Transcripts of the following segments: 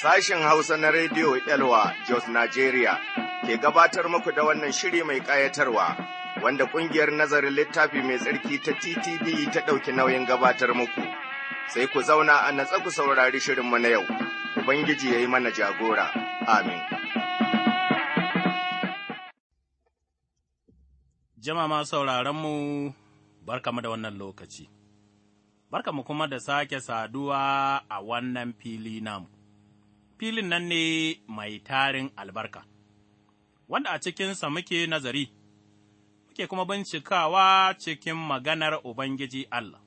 Sashen Hausa na Rediyo Elwa Jos Nigeria ke gabatar muku da wannan shiri mai ƙayatarwa wanda ƙungiyar nazarin littafi mai tsarki ta TTD ta ɗauki nauyin gabatar muku. Sai ku zauna a natsa ku saurari shirinmu na yau, Ubangiji ya yi mana jagora. Amin. Jama'a sauraronmu, barkamu da wannan lokaci. Barkamu kuma da sake saduwa a wannan fili namu. filin nan ne mai tarin albarka, wanda a cikinsa muke nazari, muke kuma bincikawa cikin maganar Ubangiji Allah.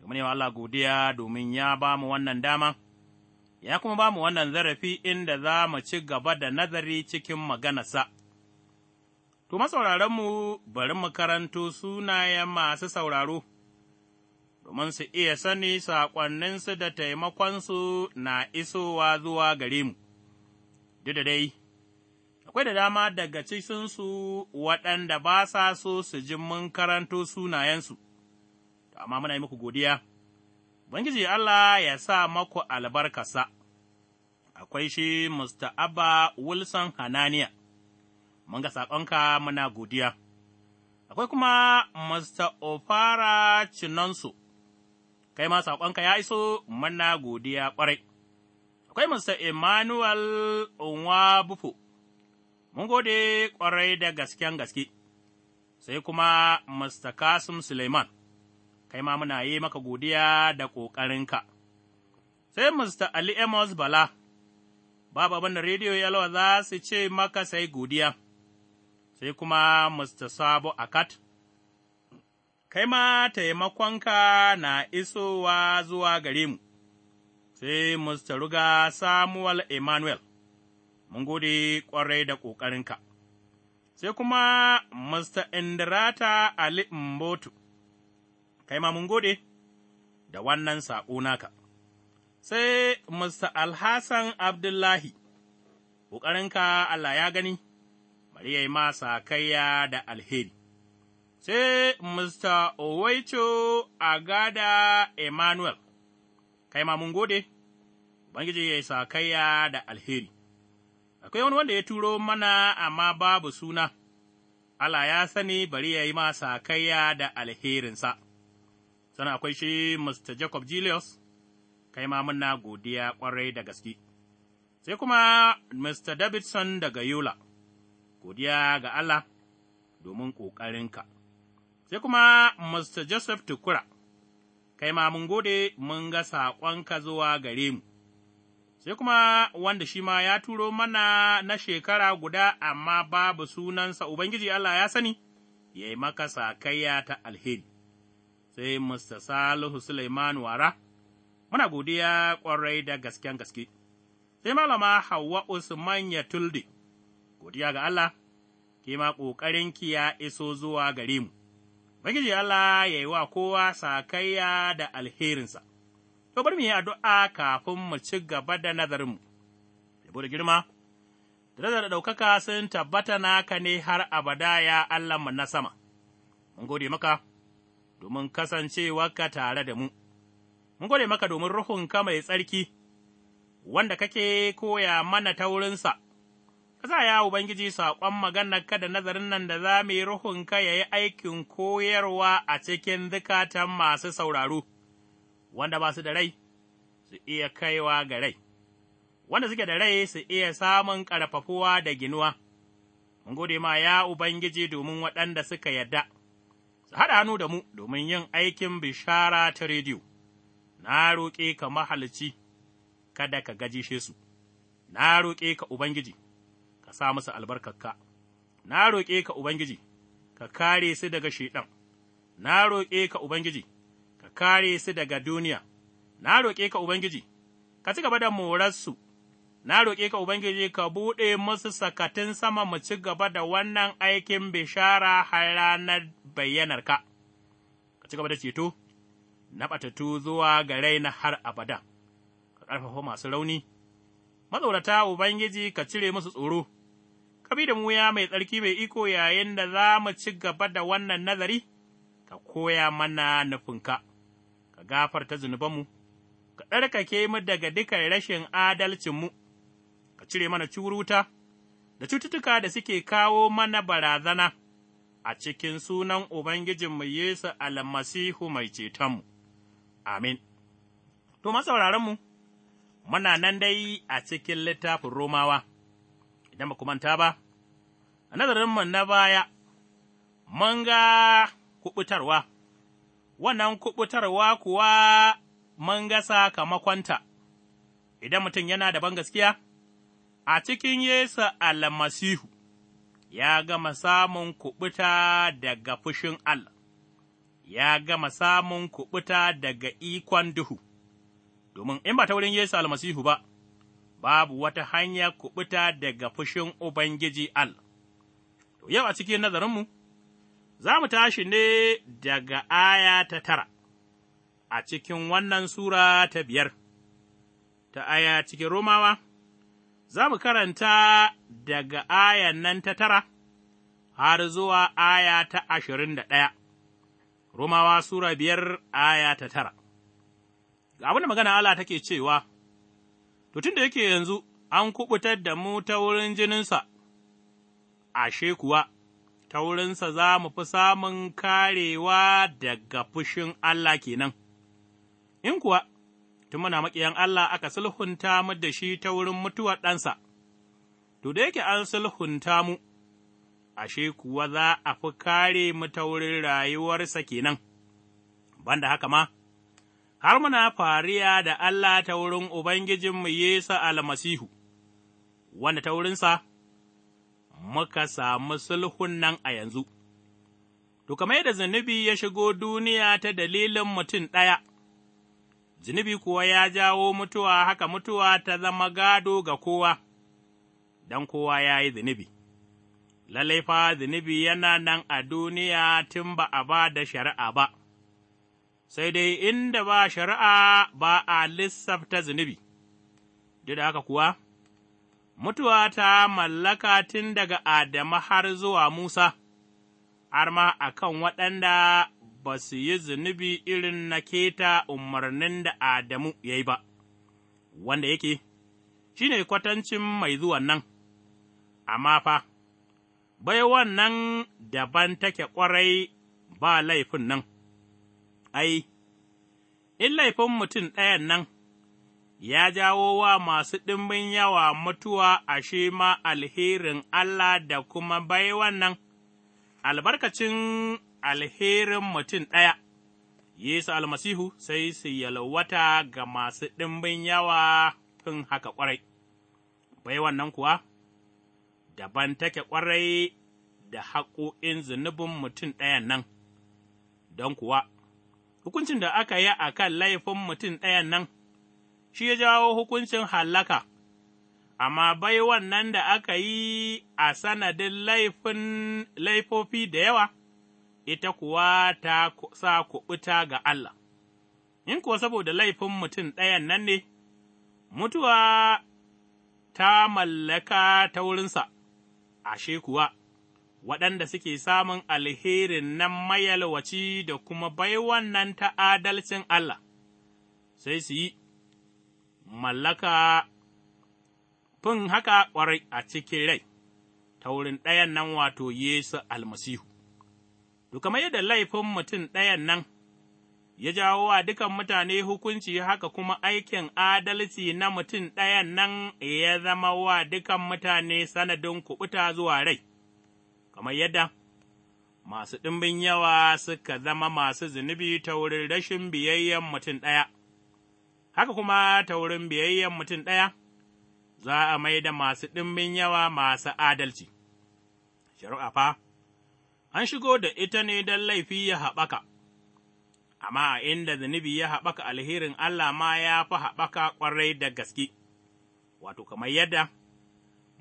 Domin yawa Allah godiya domin ya ba mu wannan dama, ya kuma ba mu wannan zarafi inda za mu ci gaba da nazari cikin maganarsa. To, masauraranmu bari mu karanto sunayen masu sauraro. domin su iya sani saƙonninsu da taimakonsu na isowa zuwa gare mu, duk da dai, akwai da dama daga cikinsu waɗanda ba sa so su ji mun karanto sunayensu, amma muna yi muku godiya, Ubangiji Allah ya sa maku albarkasa, akwai shi Mr. Abba Wilson Hananiya, mun ga saƙonka muna godiya. Akwai kuma Mr. Ofara Chinonso. kai ma saƙonka ya iso mana godiya ƙwarai. Akwai Mr. Emmanuel Bufu. mun gode ƙwarai da gasken gaske, sai kuma Mr. Kasim Suleiman, kai ma muna yi maka godiya da ƙoƙarinka. Sai Mr. Ali Amos Bala, babu abin da rediyo yalwa za su ce maka sai godiya, sai kuma Mr. Sabo Akat. kai ma taimakonka na isowa zuwa gare mu, sai Mr. Ruga Samuel Emmanuel, mun gode ƙwarai da ƙoƙarinka, sai kuma Mr. Indirata Ali Mbotu, kai ma mun gode da wannan saƙo naka, sai Mr. Alhassan Abdullahi, ƙoƙarinka Allah ya gani, bari ya yi masa kaiya da alheri. sai Mr. Owecho Agada Emmanuel, kai ma mun gode, Ubangiji ya isa kaiya da alheri. Akwai wani wanda ya turo mana amma babu suna, Allah ya sani bari ya yi masa kaiya da alherinsa. sana akwai shi Mr. Jacob Julius, kai muna godiya kwarai da gaske. Sai kuma Mr. Davidson daga Yola, godiya ga Allah domin ƙoƙarinka. sai kuma Mr. Joseph Tukura, kai ma mun gode mun ga saƙonka zuwa gare mu, sai kuma wanda shi ma ya turo mana na shekara guda amma babu sunansa Ubangiji Allah ya sani, ya yi maka sakayya ta alheri, sai Mr. Salihu Suleiman Wara, muna godiya ƙwarai da gasken gaske, sai malama Hauwa Usman ya tulde, godiya ga Allah, ke ma ƙoƙarinki ya iso zuwa gare mu. Ubangiji Allah ya yi wa kowa sakayya da alherinsa. To bari mu yi addu'a kafin mu ci gaba da nazarinmu. Yabo da girma, da da ɗaukaka sun tabbata naka ne har abada ya Allahnmu na sama. Mun gode maka, domin kasancewarka tare da mu. Mun gode maka domin ruhunka mai tsarki, wanda kake koya mana ta Ka ya Ubangiji saƙon maganar ka da nazarin nan da za mu yi ruhunka ya yi aikin koyarwa a cikin zukatan masu sauraro, wanda ba su da rai, su iya kaiwa ga rai, wanda suke da rai su iya samun ƙarfafuwa da ginuwa. Mun gode ma ya Ubangiji domin waɗanda suka yadda, su haɗa hannu da mu domin yin aikin bishara ta rediyo, na roƙe ka mahalci, kada ka gajishe su, na roƙe ka Ubangiji. sa musu albarkarka, na roƙe ka Ubangiji, ka kare su daga Shaiɗan, na roƙe ka Ubangiji, ka kare su daga duniya, na roƙe ka Ubangiji, ka ci gaba da morarsu, na roƙe ka Ubangiji ka buɗe musu sakatin sama mu ci gaba da wannan aikin bishara har ranar bayyanarka, ka ci gaba da ceto, na ɓatattu zuwa ga raina har abada, ka ƙarfafa masu rauni. matsorata Ubangiji ka cire musu tsoro, ka bi da mu ya mai tsarki mai iko yayin da za mu ci gaba da wannan nazari, ka koya mana nufinka, ka gafarta zunubanmu, ka ɗarkake mu daga dukan rashin adalcinmu, ka cire mana curuta da cututtuka da suke kawo mana barazana a cikin sunan Ubangijinmu Yesu almasihu mai cetonmu. Amin. To, masauraranmu, muna nan dai a cikin littafin Romawa. idan ba ku manta ba, a nazarinmu na baya, mun ga kuɓutarwa, wannan kuɓutarwa kuwa mun ga sakamakonta, idan mutum yana da gaskiya? a cikin Yesu almasihu ya gama samun kuɓuta daga fushin Allah, ya gama samun kuɓuta daga ikon duhu, domin in ba ta wurin Yesu almasihu ba, babu wata hanya kuɓuta daga fushin Ubangiji Allah. To, yau a cikin nazarinmu, za mu tashi ne daga aya ta tara a cikin wannan Sura ta biyar, ta aya cikin Romawa, za mu karanta daga aya nan ta tara har zuwa aya ta ashirin da ɗaya. Romawa Sura biyar aya ta tara. Ga abin da magana Allah take cewa, to tun da yake yanzu an kuɓutar da mu ta wurin jininsa, ashe kuwa, ta wurinsa za mu fi samun karewa daga fushin Allah kenan. In kuwa, tun muna maƙiyan Allah aka sulhunta mu da shi ta wurin mutuwar ɗansa, to da yake an sulhunta mu, ashe kuwa za a fi kare mu ta wurin rayuwarsa kenan, banda haka ma. har muna fariya da Allah ta wurin Ubangijinmu Yesu almasihu, wanda ta wurinsa muka samu sulhun nan a yanzu. To, kamar yadda zunubi ya shigo duniya ta dalilin mutum ɗaya, zunubi kuwa ya jawo mutuwa haka mutuwa ta zama gado ga kowa, don kowa ya yi zunubi. Lallai fa zunubi yana nan a duniya tun ba a ba da shari'a ba. sai dai inda ba shari'a ba a lissafta zunubi, duk da haka kuwa, mutuwa ta mallaka tun daga Adama har zuwa Musa, har ma a kan waɗanda ba su yi zunubi irin na keta umarnin da Adamu ya yi ba, wanda yake, shi ne kwatancin mai zuwa nan, amma fa, bai wannan daban take ƙwarai ba laifin nan. ai, in laifin mutum ɗayan nan, ya jawo wa masu ɗimbin yawa mutuwa ashe ma alherin Allah da kuma bai wannan, albarkacin alherin mutum ɗaya, Yesu almasihu sai su yalwata ga masu ɗimbin yawa fin haka ƙwarai, bai wannan kuwa, daban take ƙwarai da haƙoƙin zunubin mutum ɗayan nan, don kuwa hukuncin da aka yi a kan laifin mutum ɗayan nan, shi ya jawo hukuncin hallaka, amma bai wannan da aka yi a sanadin laifin laifofi da yawa, ita kuwa ta sa kuɓuta ga Allah. In kuwa saboda laifin mutum ɗayan nan ne, mutuwa ta mallaka ta wurinsa, ashe kuwa. waɗanda suke samun alherin nan mayalwaci da kuma baiwan nan ta adalcin Allah, sai su yi mallaka fin haka ƙwarai a cikin rai, ta wurin ɗayan nan wato Yesu almasihu. To, kamar yadda laifin mutum ɗayan nan ya jawo wa dukan mutane hukunci haka kuma aikin adalci na mutum ɗayan nan ya zama wa dukan mutane sanadin kuɓuta zuwa rai. kamar yadda masu ɗimbin yawa suka zama masu zunubi ta wurin rashin biyayyen mutum ɗaya, haka kuma ta wurin biyayyen mutum ɗaya, za a mai da masu ɗimbin yawa masu adalci. Shari'a fa, an shigo da ita ne don laifi ya haɓaka, amma a inda zunubi ya haɓaka alherin Allah ma ya fi haɓaka ƙwarai da gaske, wato kamar yadda,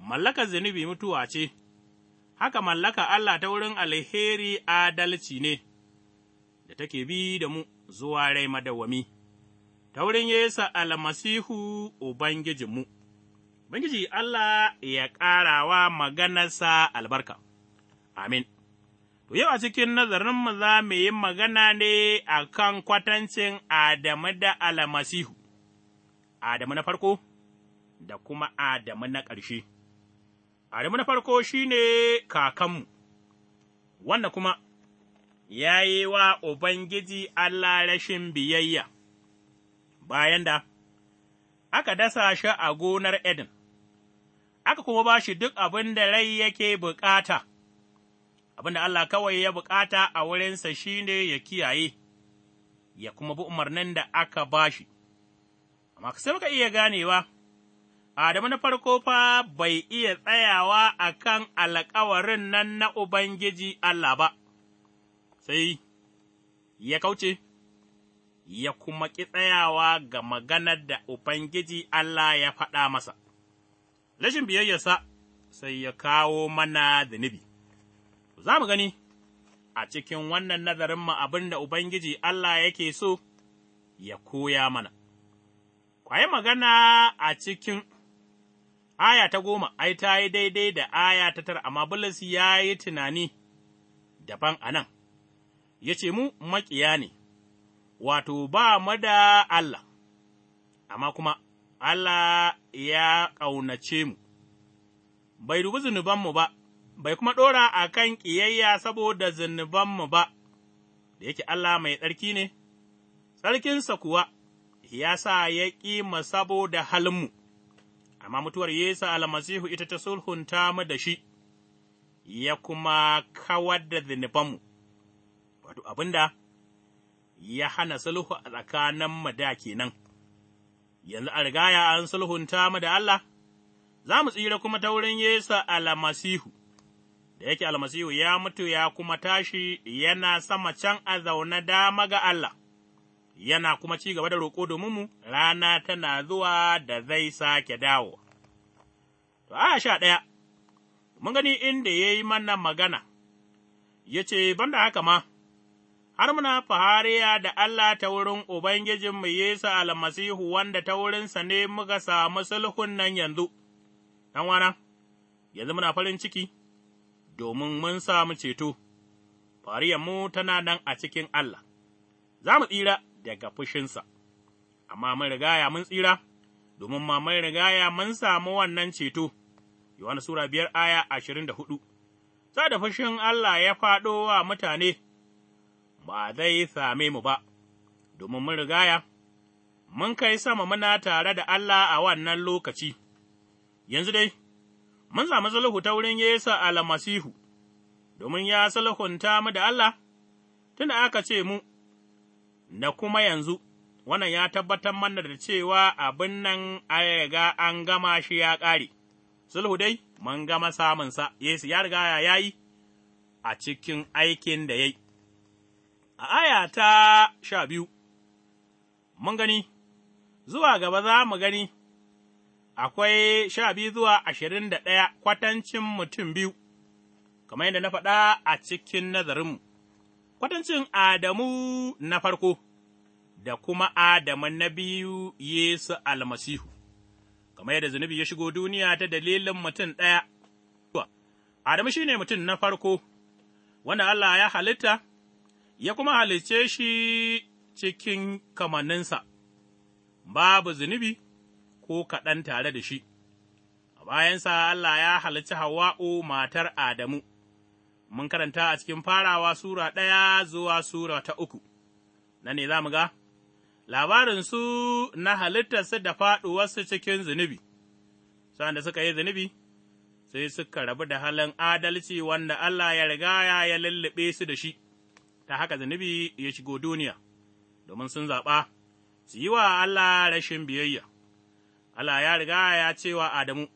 mallakar zunubi mutuwa ce. haka mallaka Allah ta wurin alheri adalci ne, da take bi da mu zuwa rai madawwami, ta wurin Yesu almasihu Ubangijinmu. Ubangiji Allah ya ƙarawa maganarsa albarka, amin. To, yau a cikin nazarinmu za mu yi magana ne a kan kwatancin Adamu da almasihu, Adamu na farko da kuma Adamu na ƙarshe. Adamu na farko shi ne kakanmu, wannan kuma ya yi wa Ubangiji Allah rashin biyayya, bayan da aka dasa shi a gonar Edin, aka kuma ba shi duk abin da rai yake bukata, abin da Allah kawai ya bukata a wurinsa shi ne ya kiyaye, ya kuma bi umarnin da aka ba shi, amma sai muka iya ganewa. Adamu na farko fa bai iya tsayawa a kan alkawarin nan na Ubangiji Allah ba, sai ya kauce, ya kuma ƙi tsayawa ga maganar da Ubangiji Allah ya faɗa masa, rashin biyayyarsa sai ya kawo mana zunubi. Za mu gani a cikin wannan nazarinmu abin da Ubangiji Allah yake so ya koya mana. Kwaye magana a cikin aya ta goma ai ta yi daidai da aya ta tara, amma Bulus ya yi tunani daban a nan, ya ce mu maƙiya ne, wato ba mu da Allah, amma kuma Allah ya ƙaunace mu, bai dubi zunubanmu ba, bai kuma ɗora a kan ƙiyayya saboda zunubanmu ba, da yake Allah mai tsarki ne, tsarkinsa kuwa ya sa ya ƙi mu saboda halinmu. amma mutuwar Yesu almasihu ita ta sulhunta mu da shi, ya kuma kawar da zunubanmu, wato abinda ya hana sulhu a mu da kenan. Yanzu a rigaya an sulhunta mu da Allah, za mu tsira kuma ta wurin Yesu almasihu. da yake almasihu ya mutu ya kuma tashi yana sama can a zaune dama ga Allah, yana kuma ci gaba da roƙo domin mu, rana tana zuwa da zai sake dawo. To, a sha ɗaya, mun gani inda ya yi mana magana, ya ce, banda haka ma, har muna fahariya da Allah ta wurin Ubangijinmu Yesu almasihu wanda ta wurinsa ne muka samu sulhun nan yanzu, ɗan wana, yanzu muna farin ciki, domin mun samu ceto, mu tana nan a cikin Allah, za mu tsira. daga fushinsa, amma mun rigaya mun tsira, domin ma mun rigaya mun samu wannan ceto, Yohana Sura biyar aya ashirin da hudu, sa da fushin Allah ya faɗo wa mutane, ba zai same mu ba, domin mun rigaya, mun kai sama muna tare da Allah a wannan lokaci, yanzu dai, mun samu sulhu ta wurin Yesu almasihu, domin ya sulhunta mu da Allah, da aka ce mu. Na kuma yanzu, wannan ya tabbatar mana da cewa abin nan a an gama shi ya ƙare, sulhu dai mun gama samunsa, Yesu ya riga ya yi a cikin aikin da ya yi. A aya ta sha biyu, mun gani, zuwa gaba za mu gani, akwai sha biyu zuwa ashirin da ɗaya kwatancin mutum biyu, kamar yadda na faɗa a cikin nazarinmu. kwatancin Adamu na farko da kuma Adamu na biyu Yesu almasihu, kamar yadda zunubi ya shigo duniya ta dalilin mutum ɗaya. Adamu shi ne mutum na farko, wanda Allah ya halitta, ya kuma halicce shi cikin kamanninsa, babu zunubi ko kaɗan tare da shi. A bayansa Allah ya halicci Hawa'u matar Adamu. mun karanta a cikin farawa Sura ɗaya zuwa Sura ta uku, na ne za mu ga, labarinsu na halittarsu da faɗuwarsu cikin zunubi, sa'an da suka yi zunubi, sai suka rabu da halin adalci wanda Allah ya riga ya lullube su da shi, ta haka zunubi ya shigo duniya, domin sun zaɓa su yi wa Allah rashin biyayya. Allah ya riga ya ce wa Adamu,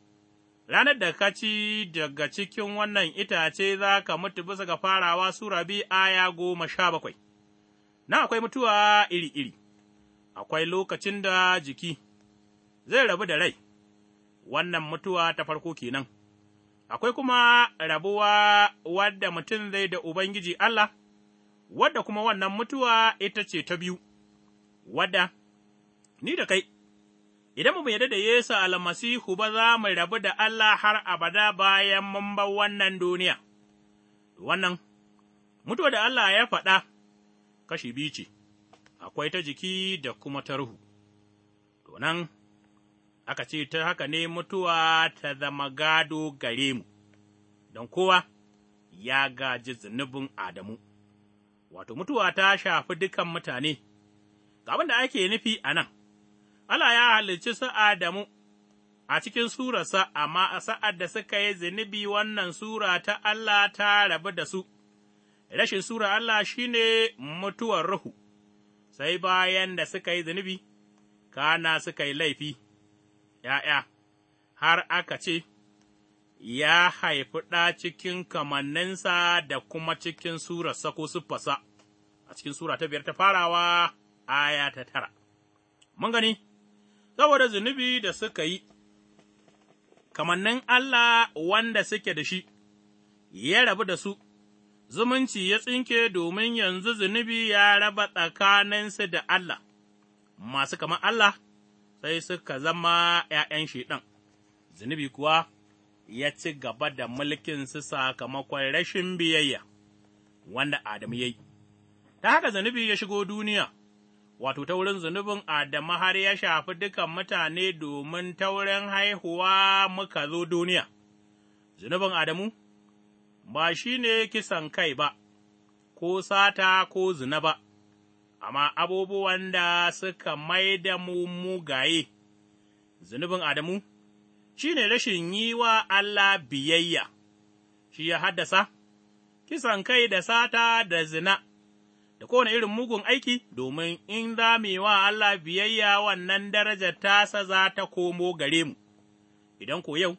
ranar da ka ci daga cikin wannan itace za ka mutu bisa ga farawa Sura bi aya goma sha bakwai, na akwai mutuwa iri-iri, akwai lokacin da jiki zai rabu da rai, wannan mutuwa ta farko kenan, akwai kuma rabuwa wadda mutum zai da Ubangiji Allah, wadda kuma wannan mutuwa ita ce ta biyu, wadda ni da kai. idan mu yarda da Yesu almasihu ba za mu rabu da Allah har abada bayan mun bar wannan duniya. Wannan, mutuwa da Allah ya faɗa kashi biyu ce, akwai ta jiki da kuma ta ruhu. To nan, aka ce ta haka ne mutuwa ta zama gado gare mu, don kowa ya gaji zunubin Adamu, wato mutuwa ta shafi dukan mutane, ga abin da ake nufi a nan. Allah ya halicci su Adamu a cikin surarsa, amma a sa'ad da suka yi zunubi wannan sura ta Allah ta rabu da su, rashin sura Allah shi ne mutuwar ruhu, sai bayan da suka yi zunubi, kana suka yi laifi, ’ya'ya, har aka ce, Ya haifi ɗa cikin kamanninsa da kuma cikin surarsa ko siffarsa, a cikin sura ta biyar ta farawa, aya ta tara. Mun gani? saboda zunubi da suka yi, kamannin Allah wanda suke da shi, ya rabu da su, zumunci ya tsinke domin yanzu zunubi ya raba tsakaninsu da Allah, masu kamar Allah sai suka zama ’ya'yan shiɗan, zunubi kuwa ya ci gaba da mulkin su sakamakon rashin biyayya wanda Adamu ya yi, ta haka zunubi ya shigo duniya. wato ta wurin zunubin Adamu har ya shafi dukan mutane domin taurin haihuwa muka zo duniya. Zunubin Adamu ba shi ne kisan kai ba, ko sata ko zina ba, amma abubuwan da suka mai da mu mugaye. Zunubin Adamu shi ne rashin yi wa Allah biyayya, shi ya haddasa, kisan kai da sata da zina. da kowane irin mugun aiki, domin in za mu yi wa Allah biyayya wannan darajar tasa za ta komo gare mu, idan ko yau,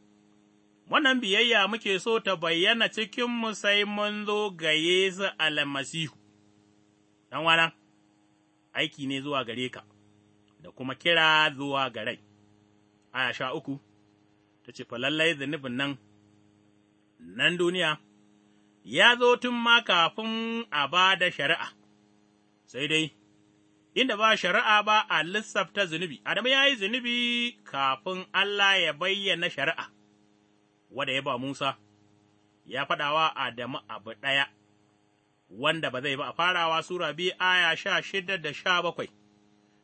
wannan biyayya muke so ta bayyana cikinmu sai mun zo ga Yesu almasihu, ɗan wana, aiki ne zuwa gare ka, da kuma kira zuwa ga rai. Aya sha uku, ta ce, falallai zunubin nan, nan duniya, ya zo tun ma kafin a ba da shari'a. sai dai, inda ba shari'a ba a lissafta zunubi, Adamu ya yi zunubi kafin Allah ya bayyana shari'a, wanda ya ba Musa, ya faɗawa Adamu abu ɗaya, wanda ba zai ba a farawa Sura biyu aya sha shida da sha bakwai,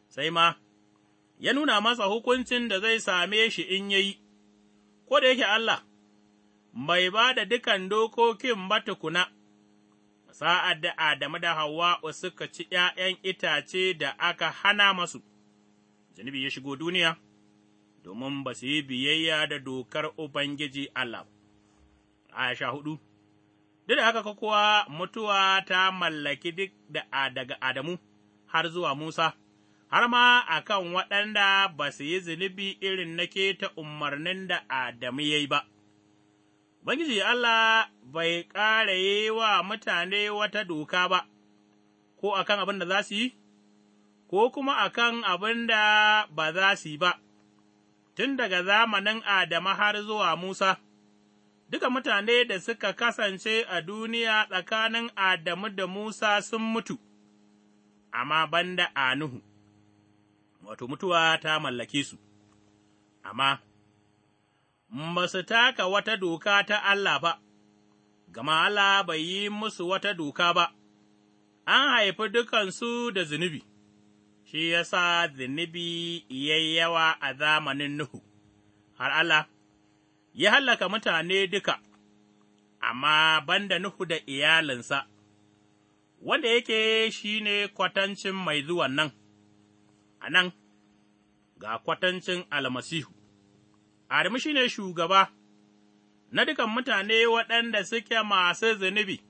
sai ma, ya nuna masa hukuncin da zai same shi in yayi, ko da yake Allah, mai ba da dukan dokokin ba tukuna. sa'ad da Adamu da Hawwa'u suka ci ’ya'yan itace da aka hana masu, zunubi ya shigo duniya, domin ba su yi biyayya da dokar Ubangiji Allah. Aisha sha hudu, duk da haka kuwa mutuwa ta mallaki duk da daga Adamu har zuwa Musa, har ma a kan waɗanda ba su yi zunubi irin na ta umarnin da Adamu ya yi ba. Ubangiji Allah bai ƙara yi wa mutane wata doka ba, ko a kan abin da za su yi, ko kuma a kan abin da ba za su yi ba, tun daga zamanin Adama har zuwa Musa, duka mutane da suka kasance a duniya tsakanin Adamu da Musa sun mutu, amma banda Anuhu, wato mutuwa ta mallake su, amma ba su taka wata doka ta Allah ba, gama Allah bai yi musu wata doka ba, an haifi dukansu da zunubi, shi ya sa zunubi ya yawa a zamanin Nuhu, har Allah ya hallaka mutane duka, amma banda Nuhu da iyalinsa, wanda yake shi ne kwatancin mai zuwan nan, a nan ga kwatancin almasihu. Adamu shi ne shugaba na dukan mutane waɗanda suke masu zunubi,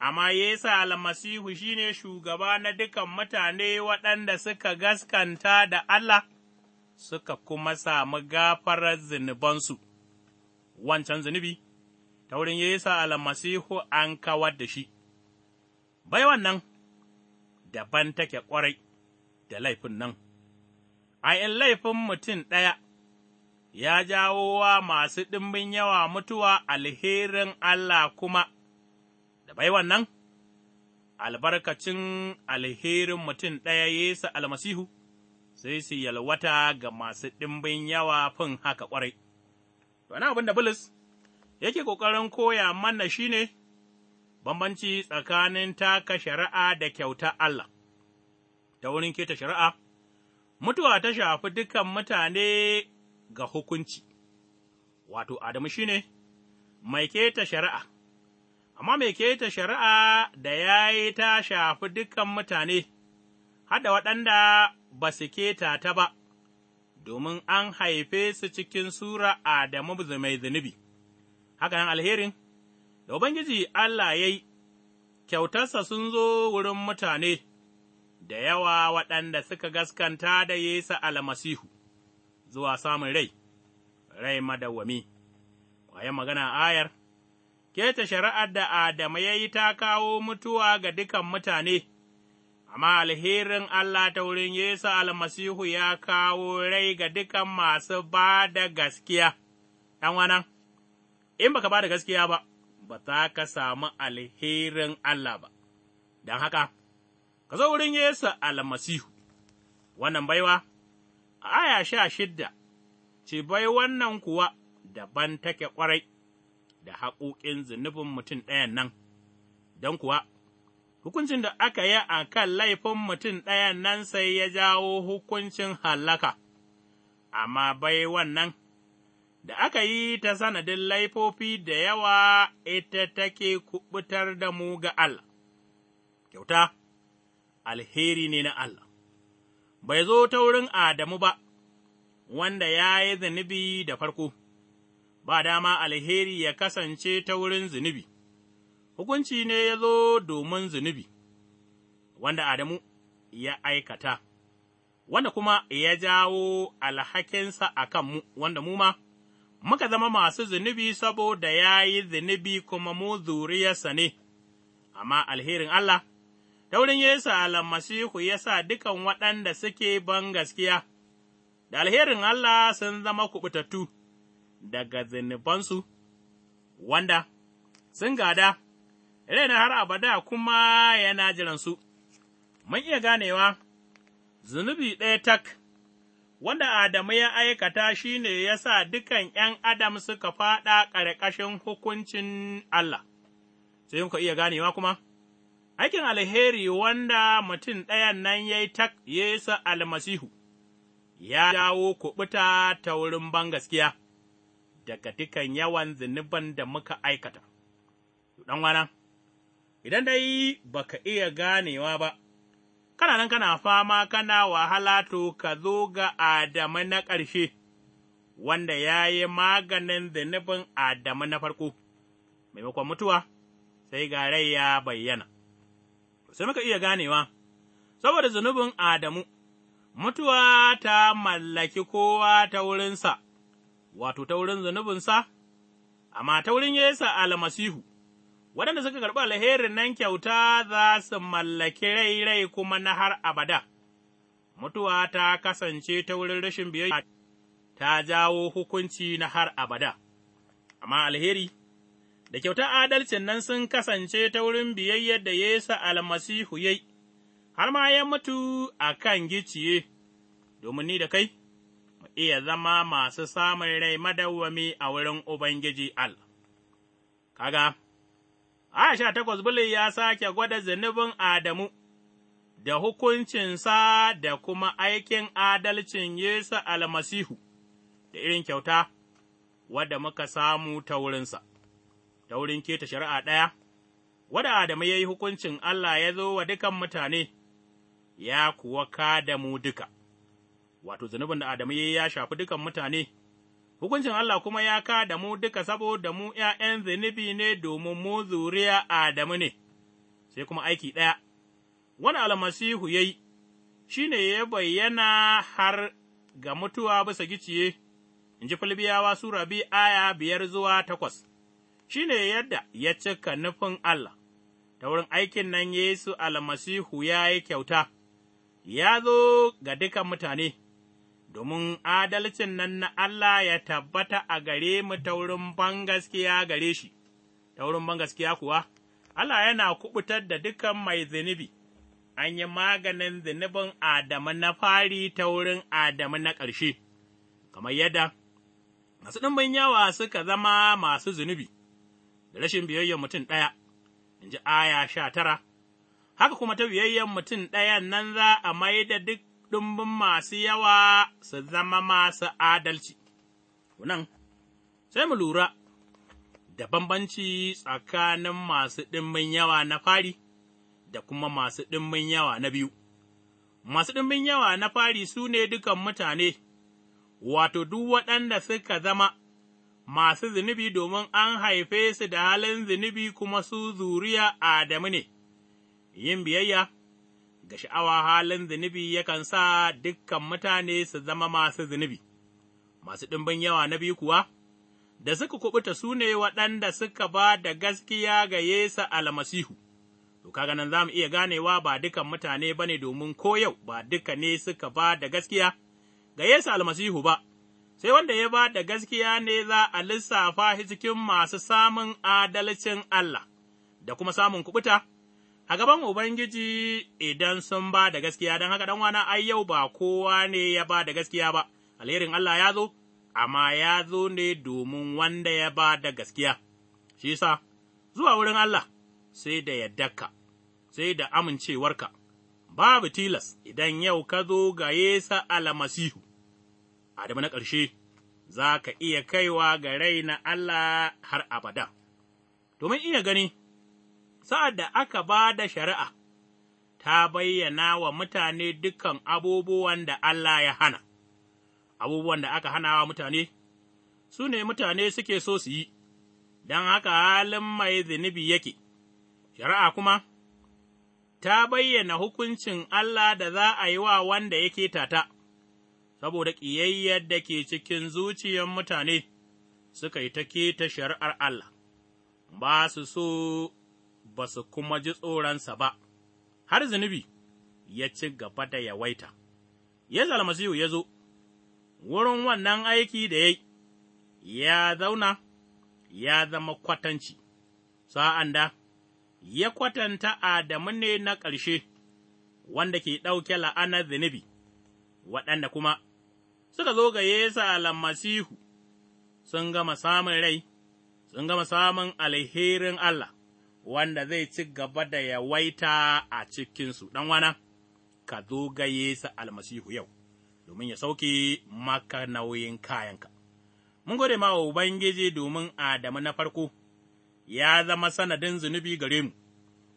amma Yesu almasihu shi ne shugaba na dukan mutane waɗanda suka gaskanta da Allah suka kuma sami gafarar zunubansu, wancan zunubi, ta wurin Yesu almasihu an kawar da shi. Bai wannan daban take ƙwarai da laifin nan, a in laifin mutum ɗaya. ya jawo wa masu ɗimbin yawa mutuwa alherin Allah kuma, da bai wannan, albarkacin alherin mutum ɗaya Yesu almasihu, sai su yalwata ga masu ɗimbin yawa fin haka ƙwarai. Wani abin da Bulus yake ƙoƙarin koya mana shi ne, bambanci tsakanin taka shari'a da kyauta Allah, ta wurin keta shari'a, mutuwa ta shafi dukan mutane ga hukunci, wato Adamu shi ne mai keta shari'a, amma mai keta shari'a da ya yi ta shafi dukan mutane, hada waɗanda ba su keta ta ba, domin an haife su cikin sura Adamu mai zunubi, haka nan, alherin, da Ubangiji Allah ya yi, kyautarsa sun zo wurin mutane. da yawa waɗanda suka gaskanta da Yesu almasihu, zuwa samun rai, rai madawwami. Kwayan magana ayar, keta shari'ar da Adamu ya yi ta kawo mutuwa ga dukan mutane, amma alherin Allah ta wurin Yesu almasihu ya kawo rai ga dukan masu ba da gaskiya, ’yan wanan, in baka ba da gaskiya ba, ba za ka samu alherin Allah ba, don haka, ka zo wurin Yesu almasihu, wannan baiwa. aya sha shidda, ce bai wannan kuwa daban take ƙwarai da haƙoƙin zunubin mutum ɗayan nan, don kuwa hukuncin da aka yi a kan laifin mutum ɗayan nan sai ya jawo hukuncin hallaka, amma bai wannan da aka yi ta sanadin laifofi da yawa ita take kuɓutar da mu ga Allah, kyauta alheri ne na Allah. bai zo ta wurin Adamu ba, wanda ya yi zunubi da farko, ba dama alheri ya kasance ta wurin zunubi, hukunci ne ya zo domin zunubi, wanda Adamu ya aikata, wanda kuma ya jawo alhakinsa a kanmu, wanda mu ma. muka zama masu zunubi saboda ya yi zunubi kuma mu zuriyarsa ne, amma alherin Allah ta wurin Yesu almasihu ya sa dukan waɗanda suke ban gaskiya, da alherin Allah sun zama kuɓutattu daga zinubansu, wanda sun gada, na har abada kuma yana jiransu. Mun iya ganewa, zunubi ɗaya tak, wanda Adamu ya aikata shi ne ya sa dukan ’yan Adam suka faɗa ƙarƙashin hukuncin Allah, sai so, iya ganewa kuma? aikin alheri wanda mutum ɗayan nan ya yi tak Yesu almasihu, ya dawo kuɓuta ta wurin bangaskiya daga dukan yawan zunuban da muka aikata. wana, idan dai baka iya ganewa ba, kana nan kana fama kana wahala to ka zo ga Adamu na ƙarshe, wanda ya yi maganin zunubin Adamu na farko, maimakon mutuwa, sai ga rai ya bayyana. sai muka iya ganewa, saboda zunubin Adamu, mutuwa ta mallaki kowa ta wurinsa, wato ta wurin zunubinsa, amma ta wurin Yesu almasihu, waɗanda suka karɓi alherin nan kyauta za su mallaki rai-rai kuma na har abada. Mutuwa ta kasance ta wurin rashin biyayya ta jawo hukunci na har abada, amma alheri. da kyauta adalcin nan sun kasance ta wurin biyayyar da Yesu almasihu yai, har ma ya mutu a kan giciye, domin ni da kai, mu iya zama masu samun rai madawwami a wurin Ubangiji Al. Kaga, Aisha takwas buli ya sake gwada zunubin Adamu. da hukuncinsa da kuma aikin adalcin Yesu almasihu da irin kyauta wadda muka samu ta wurinsa. ta wurin keta shari'a ɗaya, wada Adamu ya yi hukuncin Allah ya zo wa dukan mutane, ya kuwa ka da mu duka, wato zunubin da Adamu ya yi ya shafi dukan mutane, hukuncin Allah kuma ya ka da mu duka saboda mu ’ya'yan zunubi ne domin mu zuriya Adamu ne, sai kuma aiki ɗaya, wani almasihu ya yi, shi ne ya bayyana har ga mutuwa bisa giciye, in ji Filibiyawa Sura biyu aya biyar zuwa takwas. shi ne yadda ya cika nufin Allah, ta wurin aikin nan Yesu almasihu ya yi kyauta, ya zo ga dukan mutane, domin adalcin nan na Allah ya tabbata a gare mu ta wurin bangaskiya gare shi, ta wurin bangaskiya kuwa, Allah yana kubutar da dukan mai zunubi. an yi maganin zunubin Adamu na fari ta wurin Adamu na ƙarshe, kamar yadda masu ɗumbin yawa suka zama masu zunubi, da rashin biyayyar mutum ɗaya, in ji aya sha tara, haka kuma ta biyayyar mutum ɗaya nan za a mai da duk ɗumbin masu yawa su zama masu adalci. Nan, sai mu lura da bambanci tsakanin masu ɗumbin yawa na fari da kuma masu ɗumbin yawa na biyu. Masu ɗumbin yawa na fari su ne dukan mutane, wato, duk waɗanda suka zama masu zunubi domin an haife su da halin zunubi kuma su zuriya Adamu ne, yin biyayya ga sha'awa halin zunubi yakan sa dukkan mutane su zama masu zunubi, masu ɗimbin yawa na biyu kuwa, da suka kuɓuta su ne waɗanda suka ba da gaskiya ga Yesu almasihu. To, kaga nan za mu iya ganewa ba dukan mutane ba ne domin ko yau ba duka ne suka ba da gaskiya ga Yesu almasihu ba. sai wanda ya ba da gaskiya ne za a lissafa shi cikin masu samun adalcin Allah da kuma samun kubuta a gaban Ubangiji idan sun ba da gaskiya don haka ɗanwana ai yau ba kowa ne ya ba da gaskiya ba, alherin Allah ya zo, amma ya zo ne domin wanda ya ba da gaskiya, shi sa zuwa wurin Allah sai da yaddaka, sai da amincewarka. babu tilas idan yau ka zo ga Yesu almasihu, Adama na ƙarshe, za ka iya kaiwa ga rai na Allah har abada. Domin iya gani, sa'ad da aka ba da shari'a, ta bayyana wa mutane dukan abubuwan da Allah ya hana, abubuwan da aka hana wa mutane, su ne mutane suke so su yi, don haka halin mai zunubi yake, shari'a kuma, ta bayyana hukuncin Allah da za a yi wa wanda yake tata. ta. saboda ƙiyayyar da ke cikin zuciyar mutane suka yi ta keta shari'ar Allah, ba su so ba su kuma ji tsoronsa ba, har zunubi ya ci gaba da yawaita. Yesu almasihu ya zo, wurin wannan aiki da ya ya zauna, ya zama kwatanci, sa'an da ya kwatanta Adamu ne na ƙarshe, wanda ke ɗauke la'anar zunubi, waɗanda kuma suka zo ga Yesu almasihu sun gama samun rai, sun gama samun alherin Allah, wanda zai ci gaba da yawaita a cikinsu, ɗan wana, ka zo ga Yesu almasihu yau, domin ya sauke maka nauyin kayanka. Mun gode ma Ubangiji domin Adamu na farko, ya zama sanadin zunubi gare mu,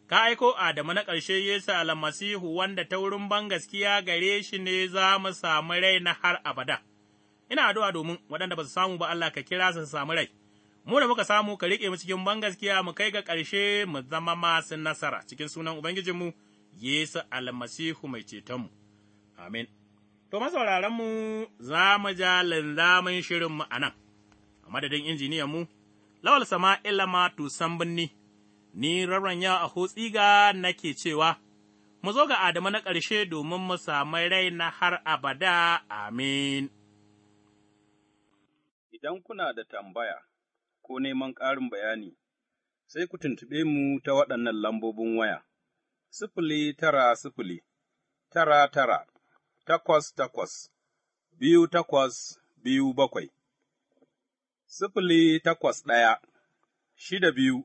ka aiko Adamu na ƙarshe Yesu almasihu wanda ta wurin bangaskiya gare shi ne za mu samu rai na har abada. Ina addu'a domin waɗanda ba su samu ba Allah ka kira su samu rai, mu da muka samu ka riƙe mu cikin bangaskiya mu kai ga ƙarshe mu zama masu nasara cikin sunan Ubangijinmu Yesu almasihu mai cetonmu. Amin. To, mu za mu ja linzamin shirinmu a nan, a madadin injiniyanmu, Lawal Sama'ila san birni ni raran ya a ga nake cewa, Mu zo ga Adamu na ƙarshe domin mu sami rai na har abada, amin. Idan kuna da tambaya ko neman ƙarin bayani, sai ku tuntuɓe mu ta waɗannan lambobin waya, sifili tara sifili, tara tara, takwas takwas, biyu takwas biyu bakwai, sifili takwas ɗaya, shida biyu.